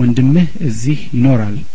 ወንድምህ እዚህ ይኖራል